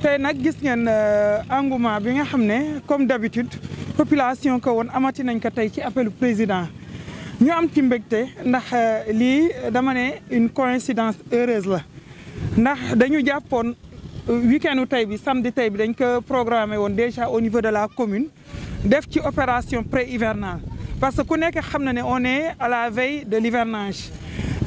Nous avons gis ngeen euh, engouement bi nga comme d'habitude population ko a amati nañ ko ci président Nous avons ci que ndax euh, lii dama une coïncidence heureuse la ndax dañu le euh, week-end bi samedi nous bi dañ ko programmé déjà au niveau de la commune def ci opération pré-hivernale parce que ku nekk xam on est à la veille de l'hivernage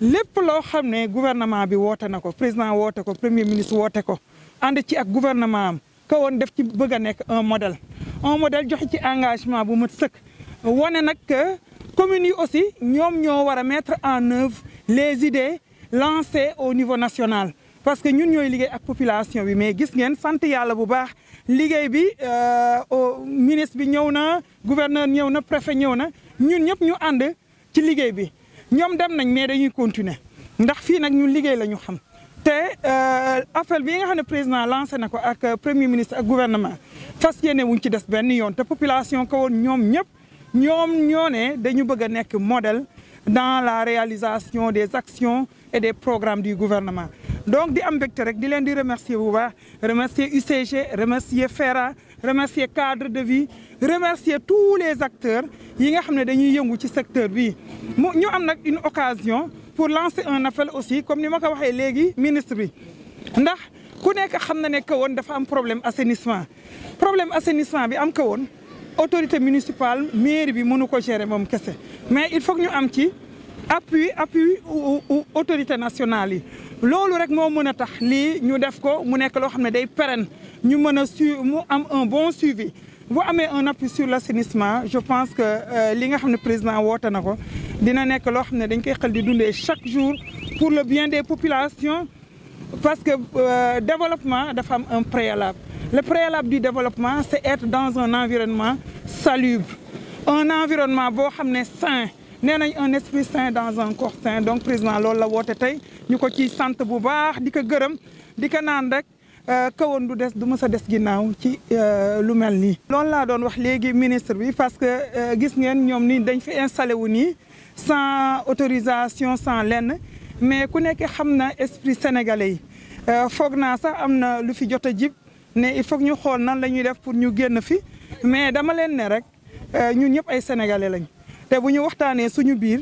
lépp loo xam ne gouvernement bi woote na ko président woote ko premier ministre woote ko ànd ci ak gouvernement am ko woon def ci bëgg a nekk un modèle un modèle joxe ci engagement bu mat sëkk wane nag que communes yi aussi ñoom ñoo war a mettre en œuvre les idées lancées au niveau national parce que ñun ñooy liggéey ak population bi mais gis ngeen sant yàlla bu baax liggéey bi euh, au ministre bi ñëw na gouverneur ñëw na préfet ñëw na ñun ñëpp ñu ànd ci liggéey bi nous dem nañ mais dañuy continuer ndax fi nous ñu liggéey la euh, président lancé euh, premier ministre ak gouvernement wuñ ci nous population ko dañu bëgg dans la réalisation des actions et des programmes du gouvernement donc di am rek di di remercier bu remercier UCG remercier FERA remercier cadre de vie remercier tous les acteurs yi nga dañuy yëngu secteur bi nous avons une occasion pour lancer un appel aussi comme nous avons dit le ministre Nous ndax ku problème d'assainissement. un problème assainissement problème assainissement bi am Kahone autorité municipale mairie bi mënu ko gérer mais il faut que nous ayons ci appui appui autorité nationale nationales. loolu rek mo mën tax que ñu def ko mu day ñu un bon suivi bu amé un appui sur l'assainissement je pense que euh, li nga président woote nako nous avons lo des dañ chaque jour pour le bien des populations parce que le euh, développement est un préalable le préalable du développement c'est être dans un environnement salubre un environnement sain Nous un esprit sain dans un corps sain donc président de la woote nous ñuko fait Santé bu baax diko gëreum que euh, kawoon du dess du mës a des ginnaaw ci euh, lu melni lool la doon wax legui ministre bi parce que euh, gis ngeen ñom ni dañ fi installer wu ni sans autorisation sans lenn mais ku nekk xamna esprit sénégalais yi foog naa sax am lu fi jotta jib né il faut ñu xol nan lañuy def pour ñu génn fi mais dama len né rek ñun ñep ay sénégalais lañ té bu ñu waxtaanee suñu biir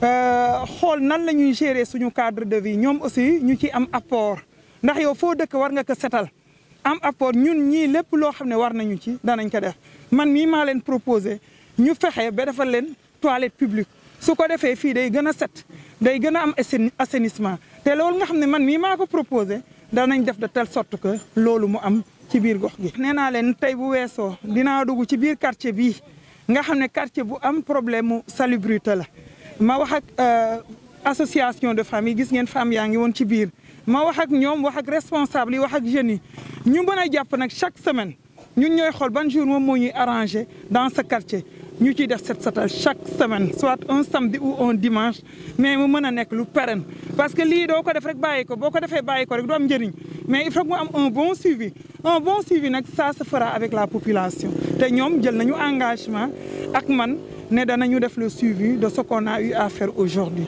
euh xol nan lañuy gérer suñu cadre de vie ñom aussi ñu ci am apport. ndax yow foo dëkk war nga ko setal am apport ñun ñii lépp loo xam ne war nañu ci danañ ko def man mii maa leen proposé ñu fexe ba defal leen toilette publique su ko defee fii day gën a set day gën a am assenissement te loolu nga xam ne man mii maa ko proposé danañ def de telle sorte que loolu mu am ci biir gox gi. nee naa leen tey bu weesoo dinaa dugg ci biir quartier bi nga xam ne quartier bu am problème mu salubrité la ma wax ak euh, association de famille gis ngeen femmes yaa ngi woon ci biir. ma wax ak responsable wax ak jeunes ñu chaque semaine ñun ñooy xool ban jour dans ce quartier ñu ciy def cette chaque semaine soit un samedi ou un dimanche mais mu mën parce que ko def rek mais il faut un bon suivi un bon suivi ça se fera avec la population Nous avons jël nañu engagement ak man ne le suivi de ce qu'on a eu à faire aujourd'hui.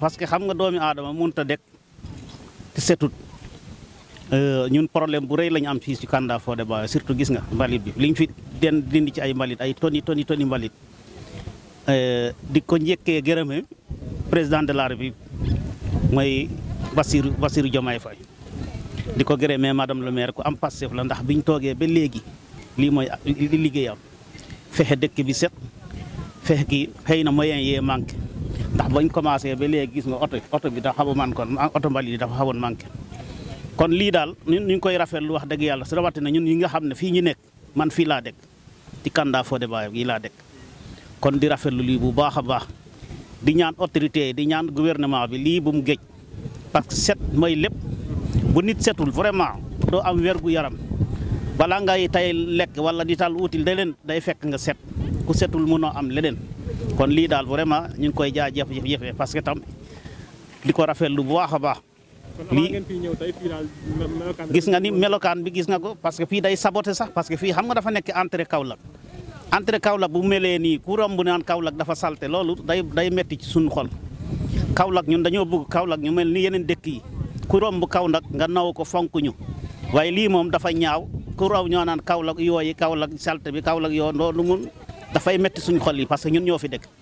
parce que xam nga doomi setut euh, ñun problème bu rey lañu am fii ci Kanda Fodé Ba surtout gis nga mbalit bi liñ fi den dindi ci ay mbalit ay toni toni toni mbalit euh, di ko njëkkee gërëme président de la République mooy Bassirou Bassirou Diomaye fay di ko gërëmee madame le maire ko am Pastef la ndax biñ toogee ba léegi lii mooy li liggéeyam fexe dëkk bi set fexe ki xëy na moyen yee manqué ndax bañ commencé ba léegi gis nga oto oto bi dafa xaw a man kon ah, oto mbalit yi dafa xawoon kon lii daal ñun ñu ngi koy rafetlu wax dëgg yàlla su rawatina ñun ñi nga xam ne fii ñu nekk man fii laa dëkk ci Kanda Fodé Baye gii laa dëkk kon di rafetlu lii bu baax a baax di ñaan autorité di ñaan gouvernement bi lii bu mu géej parce que set mooy lépp bu nit setul vraiment doo am wergu yaram balaa ngay tay lekk wala di tal wutil day leen day fekk nga set ku setul mënoo am leneen kon lii daal vraiment ñu ngi koy jaajëf jëf parce que tam di ko lu bu baax a baax. lii gis nga ni melokaan bi gis nga ko parce que fii day saboté sax parce que fii xam nga dafa nekk entrée Kaolack. entrée Kaolack bu melee nii ku romb naan Kaolack dafa salte loolu day day metti ci suñu xol Kaolack ñun dañoo bëgg Kaolack ñu mel ni yeneen dëkk yi ku romb Kaolack nga naw ko fonk ñu waaye lii moom dafa ñaaw ku raw ñoo naan Kaolack yooyu kawlag salte bi Kaolack yoo loolu dafay metti suñu xol yi parce que ñun ñoo fi dëkk